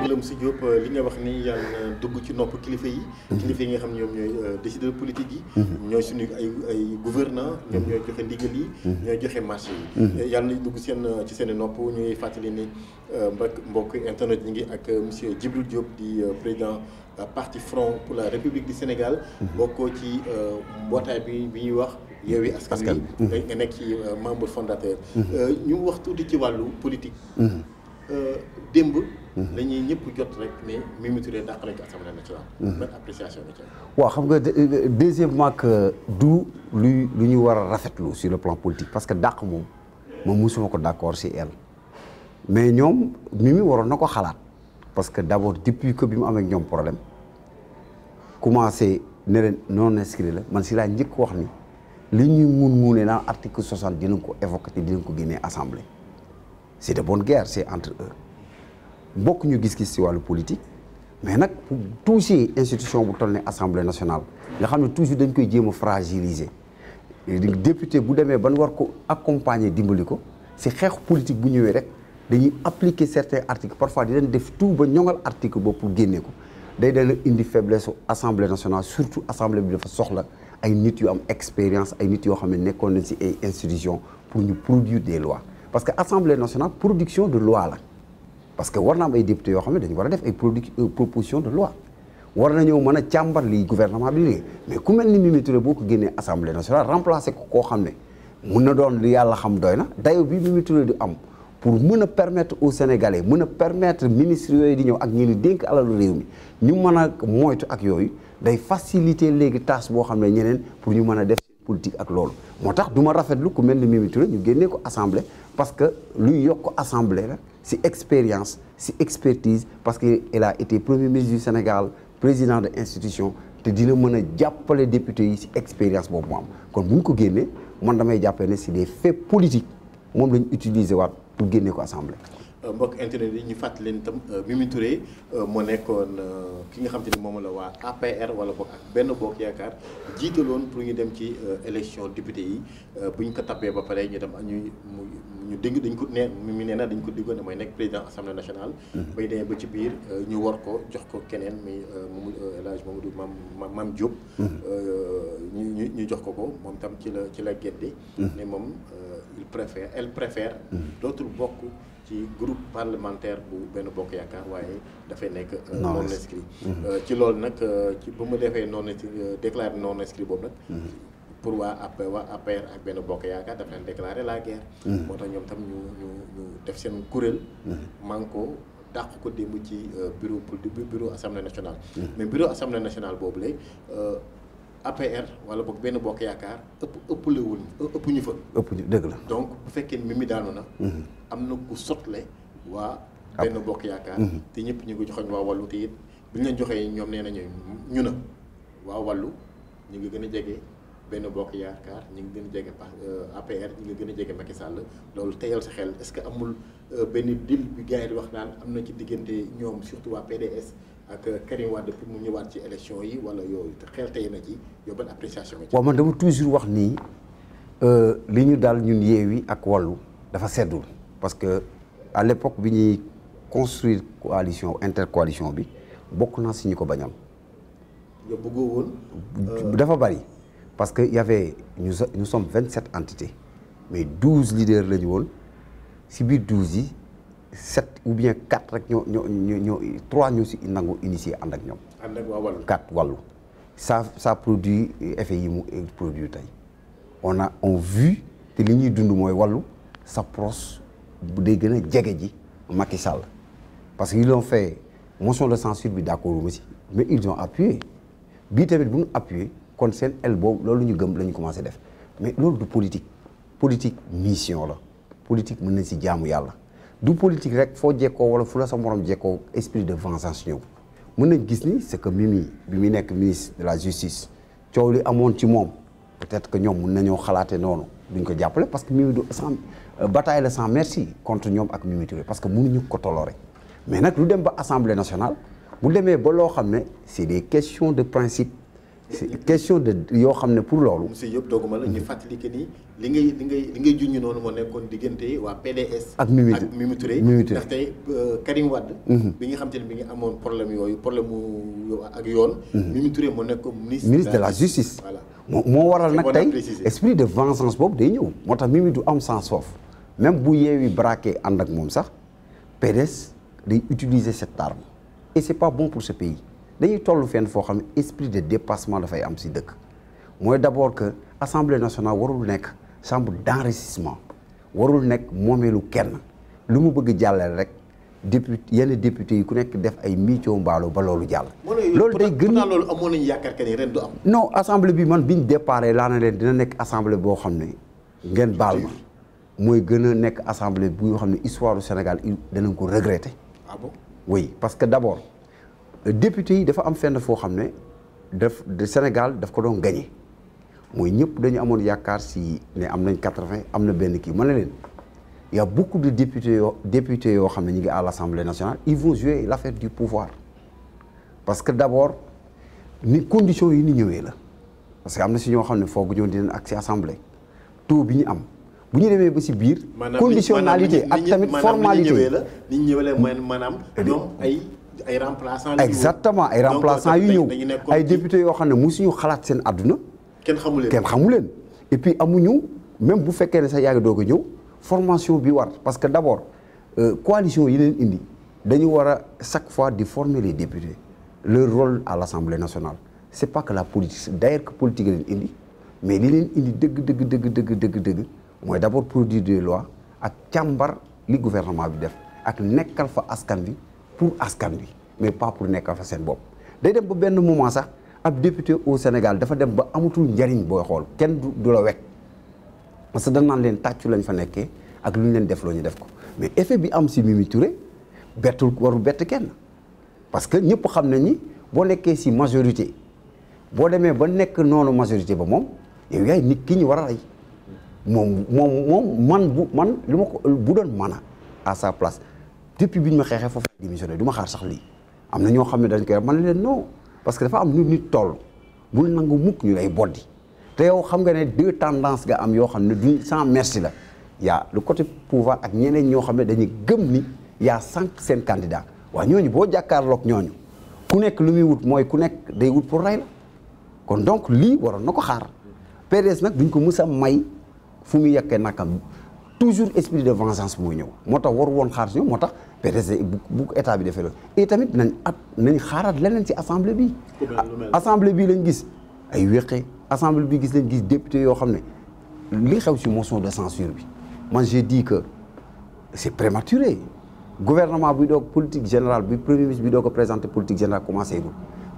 Birame Sy Diop euh, li nga wax ni yàlla na dugg ci nopp kilifa yi. Mhm. kilifa yi nga xam ñoom ñooy euh, décideur politique yi. Mhm. ñooy suñu ay ay gouvernant mhm. ñoom ñooy joxe ndigal ñooy joxe marché yi. Euh, yàlla na dugg seen ci seen i nopp ñuy fàttali ni mbokk mbokk internet ñi ngi ak monsieur Djibril Diop di président parti Front pour la République du Sénégal. bokkoo ci mbootaay bi bi ñuy wax. Yewwi Askan Wi nga nekk ci membre fondateur. ñu wax tuuti ci wàllu politique. démb. Mhm. dañuy ñëpp jot rek ne Mimi mhm. xam nga euh, deuxièmement que du lu lu ñu war a rafetlu sur le plan politique parce que dàq moom moom mosuma ko d' accord si el mais ñoom Mimi waroon na ko xalaat parce que d' abord depuis que bi mu amee ñoom problème commencé ne leen non inscrit la man si la njëkk wax ni li ñuy mun muunee naan article soixante dinañ ko évoqué te dinañ ko génnee assemblée c' est de bonne guerre c' est entre eux. bokk ñu gis-gis si wàllu politique mais nag pour toucher institution bu toll ne assemblée nationale nga xam ne toujours dañ koy jéem a fragiliser député bu demee ban war ko accompagner dimbali ko si xeex politique bu ñëwee rek dañuy appliquer certains articles parfois di leen def tout ba ñoŋal article boobu pour génne ko day dana indi faiblesse su assemblée nationale surtout assemblée bi dafa soxla ay nit yu am expérience ay nit yoo xam ne nekkoon nañ si ay institutions pour ñu produire des lois parce que assemblée nationale production de loi la. parce que war na am ay député yoo xam ne dañu war a def ay euh, proposition de loi war nañoo mën a càmbar lii gouvernement bi liggéey mais ku mel ni Mimi Touré boo ko génnee assemblée nationale remplacé ko koo xam ne mun na doon li yàlla xam doy na dayo bi Mimi Touré di am pour mun a permettre au Sénégalais mun a permettre ministres yooyu di ñëw ak ñi ni dénk alalu réew mi ñu mën a moytu ak yooyu day faciliter léegi tâche boo xam ne ñeneen pour ñu mën a def politique ak loolu moo tax du ma rafetlu ku mel ni Mimi ñu génnee ko assemblée parce que luy yokk assemblée la si expérience si expertise parce que il a été premier ministre du Sénégal président de institution te dina mën a jàppale député yi si expérience boobu mu am kon bu ñu ko génnee man damay jàppale ne c'est des faits politiques moom la ñu utiliser waat pour génne ko assemblée. Euh, mbokk internet yi ñu fàttaleen leen itam euh, Mimi Touré euh, moo nekkoon ki nga xam te moom la waa APR wala boog ak benn bokk yaakaar jiitaloon pour ñu dem ci élection député yi bu ñu ko tabbee ba pare ñu dem ñu ñu dégg dañ ko ne Mimi nee na dañ ko diggoon mooy nekk président assemblée nationale. Mm-hmm. bay demee ba ci biir ñu war ko jox ko keneen muy moom El Hadj Mamadou Mam Mam Diop. Mm-hmm. ñu ñu ñu jox ko ko moom tam ci la ci la géddi. Mm-hmm. ne moom. préfère elle préfère mm-hmm. dootul bokk ci groupe parlementaire bu benn bokk yaakaar waaye dafay nekk euh, non inscrit mm-hmm. euh, ci loolu nag euh, ci ba mu defee non déclaré non inscrit boobu nag mm-hmm. pour waa AP waa APR ak benn bokk yaakaar daf leen déclarer la guerre. moo tax ñoom tam ñu ñu ñu def seen kuréel. man ko dàq ko démb ci bureau bureau assemblée nationale. mais bureau assemblée nationale boobu lay. APR wala boog benn bokk yaakaar ëpp ëppale wuñ ëpp ñu fa. ëpp ñu dëgg la. donc bu fekkee ni Mimi daanu na. Mhm. am na ku sotle waa. benn bokk yaakaar. Mhm. te ñëpp ñu ngi joxoñ waa wàllu te it bi ñu leen joxee ñoom nee nañu ñu na waa wàllu ñu ngi gën a jege benn bokk yaakaar ñu ngi gën a jege APR euh, ñu nga gën a jege Macky sàll loolu teyal sa xel est que amul euh, benn deal bi gars yi di wax naan am na ci diggante ñoom surtout waa PDS. ak Karim Wade pour mu ñëwaat ci élection yi wala yooyu te xel tey na ci yow ban appréciation nga ci. waaw man dama toujours wax nii euh, li ñu daal ñun Yewwi ak Wallu dafa seddul parce que à l'époque bi ñuy construire coalition intercoalition bi bokk naa si ñu ko bañoon. yow bëggoo woon. Euh, dafa bari parce que y ñu nous nous sommes vingt sept entités mais douze leaders la ñu woon si biir douze yi. sept ou bien quatre rek ñoo ñoo ñoo trois ñoo si nangu initié ànd ak ñoom. ànd ak waa wàllu quatre wàllu. ça ça produit effet yi mu produit tey on a on vu te li ñuy dund mooy wàllu sa proche bu day gën a jege ji Macky Sall parce que ils ont fait motion de censure bi d'accord aussi mais ils ont appuyé bii tamit bu ñu appuyé kon seen el boobu loolu ñu gëm la ñu commencé def mais loolu du politique politique mission la politique mën nañ si jaamu yàlla. du politique rek foo jekkoo wala fu la sa moroom jekkoo esprit de vengeance ñëw mën nañ gis ni c'est que Mimi bi mu nekk ministre de la justice coow li amoon ci moom peut-être que ñoom mën nañoo xalaatee noonu duñ ko jàppale parce que Mimi du sans euh, bataille la sans merci contre ñoom ak Mimi Touré parce que ñu ko toléré mais nag lu dem ba assemblée nationale bu demee ba loo xam ne c'est des question de principe c'est question de yoo xam ne pour loolu. monsieur yëpp dooguma la ñu fàttali que ni li ngay li ngay li noonu moo nekkoon diggante waa PDS. ak Mimi ak Mimi Touré euh, mhm. bi nga xam te ne bi nga amoon problème yooyu problème mu ak yoon. Mhm. Mimi Touré moo nekk ministre. de la justice voilà. moo moo waral nag tey esprit de vengeance boobu day ñëw moo tax Mimi du am sens foofu même bu yeewi braqué ànd ak moom sax PDS day utiliser cette arme et c'est pas bon pour ce pays. dañuy toll fenn foo xam ne esprit de dépassement dafay am si dëkk mooy d'abord que assemblée nationale warul nekk chambre d'enrichissement warul nekk moomeelu kenn lu mu bëgg jàllale rek député yenn député yi ku nekk def ay miicoo mbaalo ba loolu jàll. loolu day gën a loolu amoon assemblée bi man biñ déparé laa na leen dina nekk assemblée boo xam ne ngeen baal ma mooy gën a nekk assemblée bu yoo xam ne histoire du Sénégal danañ ko regretter. ah parce que d'abord. député yi dafa am fenn foo xam ne def de Sénégal daf ko doon gagné mooy ñëpp dañu amoon yaakaar si ne am nañ quatre-vingt am na benn kii ma ne leen y a beaucoup de députés yoo députés yoo xam ne ñu ngi à l'Assemblée nationale ils vont la l'affaire du pouvoir parce que d'abord ni conditions yi ni ñëwee la parce que am na si ñoo xam ne foog ñoo dinañ ak si assemblée taux bi ñu am bu ñu demee ba si biir conditionnalité ak tamit formalité la ni maanaam eh ñoom ay remplaçants exactement ay remplaçants yu ñëw ay députés yoo xam ne musuñu xalaat seen àdduna. kenn xamu leen kenn xamu leen et puis amuñu même bu fekkee ne sax yaa ngi doog a ñëw formation bi war parce que d' abord euh, coalition yi leen indi dañu war a chaque fois di former les députés leur rôle à l' assemblée nationale c' est pas que la politique d' ailleurs que politique leen indi mais li leen indi dëgg dëgg dëgg dëgg dëgg dëgg mooy d' abord produire des lois ak càmbar li gouvernement bi def ak nekkal fa askan bi pour askan wi mais pas pour nekk fa seen bopp. day dem ba benn moment sax ab député au Sénégal dafa dem ba amatul njariñ boo xool kenn du la wekk parce que dañ naan leen tàccu lañ fa nekkee ak lu ñu leen def loo ñu def ko mais effet bi am si Mimi Touré bettul warul bett kenn parce que ñëpp xam nañ ni boo nekkee si majorité boo demee ba nekk noonu majorité ba moom yow yaay nit ki ñu war a rey moom moom man bu man li ma ko bu doon mën a à sa place depuis bi ñu ma xeexee démissionné du ma xaar sax lii am na ñoo xam ne dañ koy man leen non parce que dafa am nu nit toll bul nangu mukk ñu lay boddi te yow xam nga ne deux tendances nga am yoo xam ne duñ sans merci la yaa lu côté pouvoir ak ñeneen ñoo xam ne dañuy gëm ni yaa sànq seen candidat waaw ñooñu boo jàkkaarloog ñooñu ku nekk lu muy wut mooy ku nekk day wut pour rey la kon donc lii waroon na ko xaar PDS nag duñ ko mës a may fu muy yekkee nakam toujours esprit de vengeance mooy ñëw moo tax waru woon moo tax PDS bu état bi defee loolu tamit nañ at nañ xaaraat leneen ci assemblée bi. assemblée bi lañ gis ay weqe assemblée bi gis lañ gis député yoo xam ne li xew ci motion de censure bi ma j'ai dit que c'est prématuré gouvernement bi doog politique générale bi premier ministre bi doog a présenté politique générale commencé gul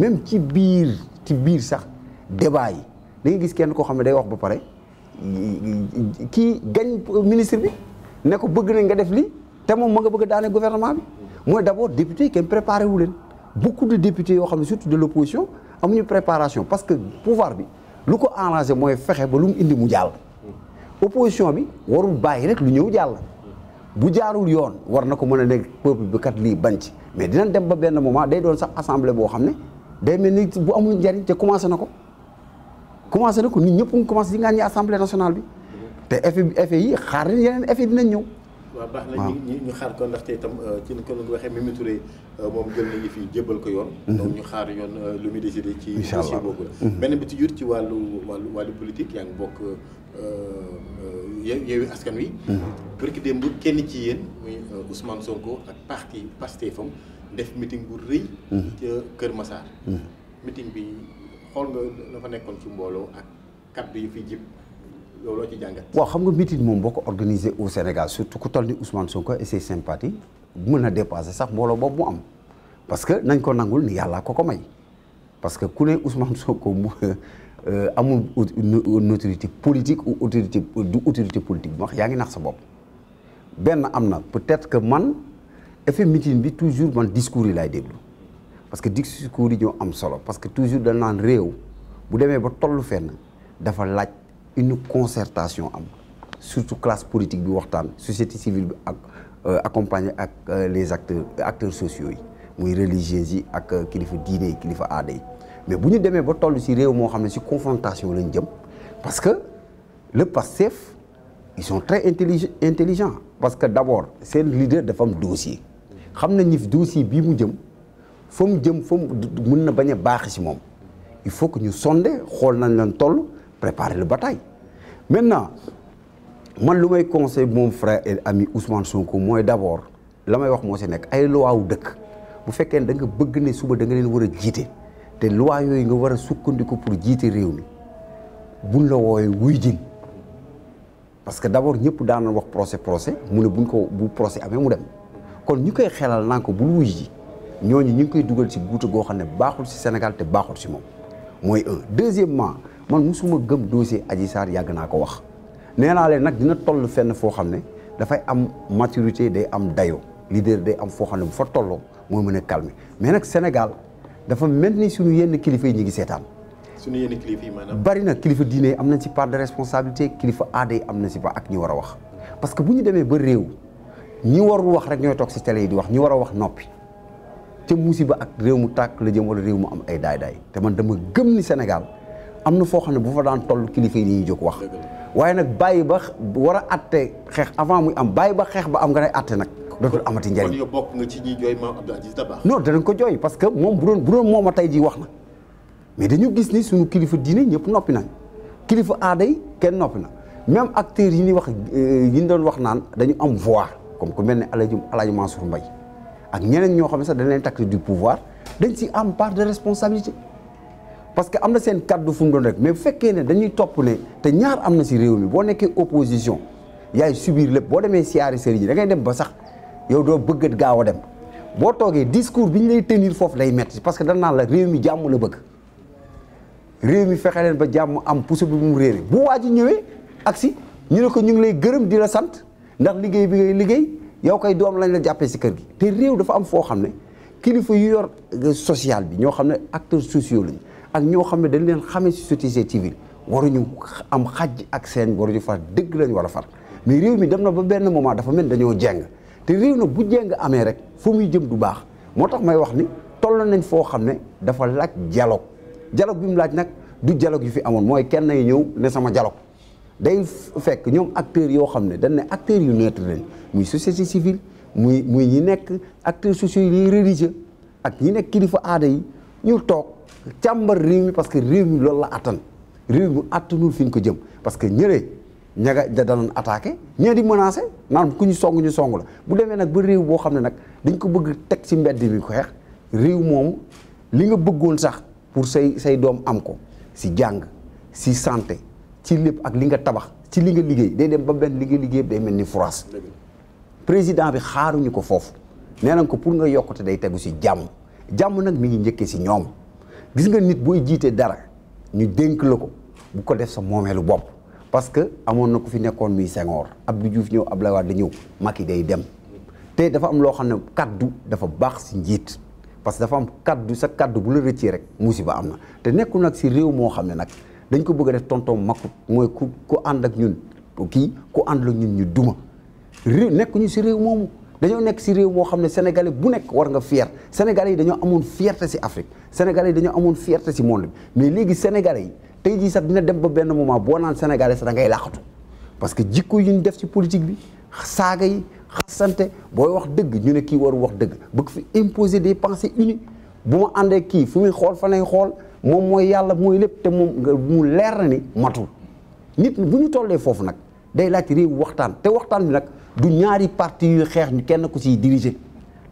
même ci biir ci biir sax débat yi da gis kenn koo xam ne day wax ba pare ki gañ ministre bi ne ko bëgg nañ nga def lii. te moom ma nga bëgg a daane gouvernement bi mooy d' abord député yi kenn préparé wu leen beaucoup de députés yoo xam ne surtout de l' opposition amuñu préparation parce que pouvoir bi lu ko arrangé mooy fexe ba lu mu indi mu jàll. opposition bi warul bàyyi rek lu ñëw jàll. bu jaarul yoon war na ko mën a nekk peuple bi kat lii bañ ci mais dinañ dem ba benn moment day doon sax assemblée boo xam ne day mel ni bu amul njariñ te commencé na ko. commencé na ko nit ñëpp ngi commencé di ngaa ñi assemblée nationale bi te yi xaar yeneen effet dinañ ñëw. waaw baax na ñu ñu xaar ko ndaxte itam euh, ci ni ko doon waxee Mimi ture euh, moom jël nañu fi jébbal ko yoon. Mhm. donc ñu xaar yoon euh, lu muy décidé. ci dossier boobu la. Mhm. benn bi ci jur ci wàllu wàllu wàllu politique yaa ngi bokk Yewwi Askan Wi. pour mhm. que démb kenn ci yéen muy Sonko ak parti Pastefam def meeting bu rëy. ca Kër Massar. meeting bi xool nga dafa nekkoon ci mbooloo ak kàddu yi fi jib. loolu loo ci jàngat. waaw xam nga meeting moom boo ko organisé au Sénégal surtout ku toll ni Ousmane Sonko et ses sympathies mën na dépasser sax mbooloo boobu mu am parce que nañ ko nangul ni yàllaa ko ko may parce que ku ne Ousmane Sonko mu euh, euh, amul une autorité politique ou autorité du autorité politique bi wax yaa ngi nax sa bopp. benn am na peut-être que man effet meeting bi toujours man discours yi laay déglu parce que discours yi ñoo am solo parce que toujours dañ naan réew bu demee ba tollu fenn dafa laaj. une concertation am surtout classe politique bi waxtaan société civile bi ak euh, accompagner ak euh, les acteurs acteurs sociaux yi muy religieux yi ak euh, kilifa diine yi kilifa aada yi mais bu ñu demee ba toll si réew moo xam ne si confrontation lañ jëm parce que le Pastef ils sont très intelligents intelligents parce que d'abord seen leader dafa am dossier xam nañ fi dossier bii mu jëm fa mu jëm fa mun na bañ a baax ci moom il faut que ñu sonde xool nañ leen toll préparer la bataille maintenant man lu may conseil moom frère ami Ousmane Sonko mooy d'abord la may wax moo si nekk ay loi wu dëkk bu fekkee ne da nga bëgg ne suba danga nga leen war a jiite te loi yooyu nga war a sukkandiku pour jiite réew mi buñ la wooyee wuy jin parce que d'abord ñëpp daan wax procès procès mu ne buñ ko bu procès amee mu dem kon ñu koy xelal naa ko bul wuy ji ñooñu ñu ngi koy dugal ci guuta goo xam ne baaxul si Sénégal te baaxul si moom mooy man musuma gëm dossier aji saar yàgg naa ko wax nee naa leen nag dina toll fenn foo xam ne dafay am maturité day am dayoo leader day am foo xam ne bu fa tolloo mooy mën a calmer mais nag Sénégal dafa mel ni suñu yenn kilifa yi ñu ngi seetaan. suñu yenn kilifa na kilifa diine am na ci part de responsabilité kilifa aada yi am na si ba ak ñi war a wax parce que bu ñu demee ba réew ñi warul wax rek ñooy toog ci télé yi di wax ñi war a wax noppi. te musiba ak réew mu tàkk la jëm wala réew mu am ay daay te man dama gëm ni Sénégal am na foo xam ne bu fa daan toll kilifa yi dañuy jóg wax waaye nag bàyyi ba war a atte xeex avant muy am bàyyi ba xeex ba am nga ne atte nag dootul amati njëriñ kon yow bokk nga ci ñi jooy ko jooy parce que moom bu doon bu doon moom a tey jii wax na mais dañu gis ni suñu kilifa diine ñëpp noppi nañ kilifa aada yi kenn noppi na même acteurs yi ñuy wax euh, yi ñu doon wax naan dañu am voix comme ku mel ne Alaaji Alaaji Mansour Mbaye ak ñeneen ñoo xam ne sax dañ leen tax du pouvoir dañ si am part de responsabilité parce que am na seen kàddu fu mu doon rek mais bu fekkee ne dañuy topp ne te ñaar am na si réew mi boo nekkee opposition yaay subir lépp boo demee siyaari sëriñ yi da dem ba sax yow doo bëggat gaaw a dem boo toogee discours bi ñu lay tenir foofu lay metti parce que dañ naan la réew mi jàmm la bëgg réew mi fexe leen ba jàmm am pousse bi mu réere bu waa ji ñëwee ak si ñu ne ko ñu ngi lay gërëm di la sant ndax liggéey bi ngay liggéey yow koy doom lañ la jàppee si kër gi te réew dafa am foo xam ne kilifa yu yor euh, social bi ñoo xam ne acteurs sociaux lañu ak ñoo xam ne dañu leen xamee ci société civile waruñu am xaj ak seen waruñu far dëgg lañ war a far mais réew mi dem na ba benn moment dafa mel dañoo jeng te réew nag bu jeng amee rek foo muy jëm du baax moo tax may wax ni toll nañ foo xam ne dafa laaj dialogue jaloog bi mu laaj nag du dialogue yu fi amoon mooy kenn nay ñëw ne sama dialogue day fekk ñoom acteurs yoo xam ne dañ ne acteurs yu neutre lañ muy société civile muy muy ñi nekk acteurs sociaux yi religieux ak ñi nekk kilifa aada yi ñu toog càmbar réew mi parce que réew mi loolu la attan réew mi attanul fi ñu ko jëm parce que ñëre ña nga da danoon attaqué ñee di menacé naan ku ñu song ñu song la bu demee nag ba réew boo xam ne nag dañ ko bëgg teg ci mbedd bi ko xeex réew moomu li nga bëggoon sax pour say say doom am ko si jàng si sante ci lépp ak li nga tabax ci li nga liggéey day dem ba benn li nga liggéey day mel ni France président bi xaaruñu ko foofu nee nañ ko pour nga yokkute day tegu si jàmm jàmm nag mi ngi njëkkee si ñoom gis nga nit booy jiitee dara ñu dénk la ko bu ko def sa moomeelu bopp parce que amoon na ku fi nekkoon muy Senghor Abdou Diouf ñëw ab Abdoulaye Wade ñëw Macky day dem te dafa am loo xam ne kaddu dafa baax si njiit parce que dafa am kaddu sa kaddu bu la rëccee rek musiba am na te nekkul nag si réew moo xam ne nag dañ ko bëgg a def tonton makku mooy ku ku ànd ak ñun kii ku ànd la ñun ñu si réew moomu dañoo nekk si réew moo xam ne sénégalais bu nekk war nga fier sénégalais yi dañoo amoon fierté si Afrique sénégalais yi dañoo amoon fierté si monde bi mais léegi sénégalais yi tey jii sax dina dem ba benn moment boo naan sénégalais sax da ngay parce que jikko yu ñu def ci politique bi saaga yi xasante booy wax dëgg ñu ne kii warul wax dëgg bëgg fi imposer des pensées unies bu ma àndee kii fu muy xool fa lay xool moom mooy yàlla mooy lépp te moom nga mu leer na ni matul nit bu ñu tollee foofu nag day laaj réew waxtaan te waxtaan bi nag du ñaari parti yu xeex ñu kenn ku ciy diriger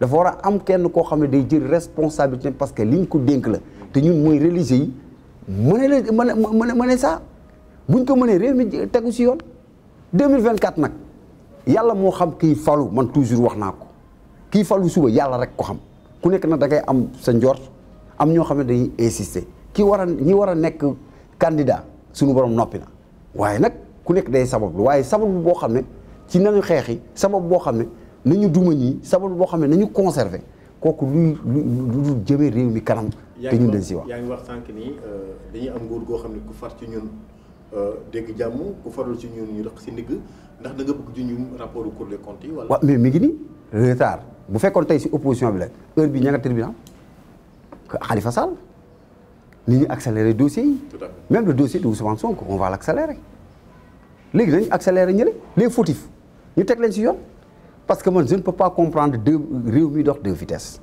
dafa war a am kenn koo xam ne day jël responsabilité parce que ñu ko dénk la te ñun mooy religieux yi mëne la mëne mëne saa buñ ko mënee réew mi tegu si yoon 2024 nag yàlla moo xam kii falu man toujours wax naa ko kii falu suba yàlla rek ko xam ku nekk nag da ngay am sa njort am ñoo xam ne dañuy insister ki war a ñi war a nekk candidat suñu borom noppi na waaye nag ku nekk day sabablu waaye sabablu boo xam ne. ci nañu xeex yi sabab boo xam ne nañu duma ñi sabab boo xam ne nañu conserver kooku luy lu dul jëmee réew mi kanam te ñun dañ si wax yaa ngi wax sànq nii euh, dañuy am nguur goo xam ne ku far ci ñun euh, dégg jàmm ku farul ci ñun ñu rëq si ndigg ndax da nga bëgg ju ñu rapport Cour des comptes yi wala waaw mais mi ngi nii retard bu fekkoon tey si opposition bi la heure bi ña nga tribunal Khalifa Sall ni ñu accélérer dossier yi même le dossier de Ousmane Sonko on va l' accélérer léegi nañu accélérer ñële les fautifs ñu teg leen si yoon parce que man je ne peux pas comprendre deux réew mi dox deux vitesses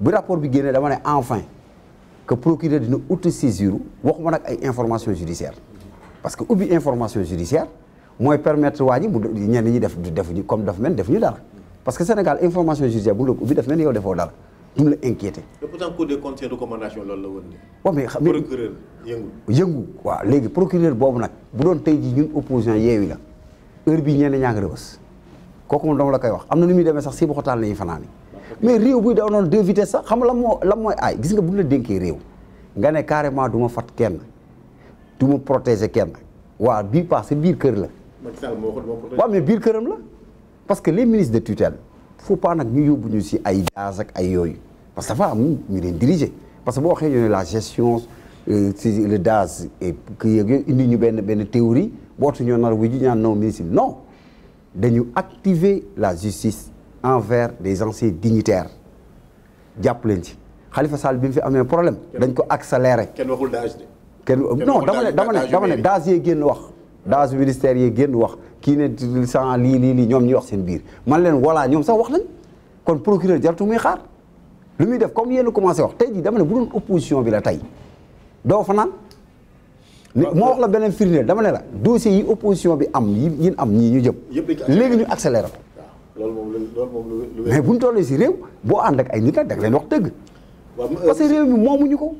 bu rapport bi génnee dama ne enfin que procureur dina autosaisir waxuma nag ay information judiciaire parce que ubbi information judiciaire mooy permettre waa ji mu ñenn ñi def defuñu comme daf mel defuñu dara parce que Sénégal information judiciaire bu la ko ubbi daf mel yow defoo dara duñ la inquiété. loolu la woon waaw mais xam procureur yëngu. yëngu léegi procureur boobu nag bu doon tey ji ñun opposition yeewi la heure bii ñenn ñaa kooku moom la koy wax am na nu muy demee sax si bu xotaan la ñuy fanaani mais réew buy daw noonu deux vitesses sax xam la moo gis nga bu la dénkee réew nga ne carrément du ma fat kenn du ma protéger kenn waa bii passé biir kër la waaw mais biir këram la parce que les ministres de tutelle faut pas nag ñu yóbbu ñu si ay daas ak ay yooyu parce que fa am ñu leen parce que boo waxee ñu ne la gestion euh, le daas et indi ñu benn benn théorie bootu ñoo nar wuju ñaan non ministre non dañu activer la justice envers des anciens dignitaires jàpp leen ci Khalifa Sall bi mu fi amee problème dañ ko accéléré. kenn kenn non dama ne dama ne dama ne yee génn wax. daaj ministère yee génn wax kii ne sans lii lii lii ñoom ñuy wax seen biir man leen voilà ñoom sax wax nañ kon procureur jartu muy xaar lu muy def comme yéen a commencé wax tey jii dama ne bu doon opposition bi la tey doo fa moo wax la beneen firndeel dama ne la dossier yi opposition bi am yi yin am ñii ñu jëm léegi ñu accéléré ko loolu moom loolu moom lu mais bu ñu tollee si réew boo ànd ak ay nit ak da nga leen wax dëgg parce que réew mi moomuñu ko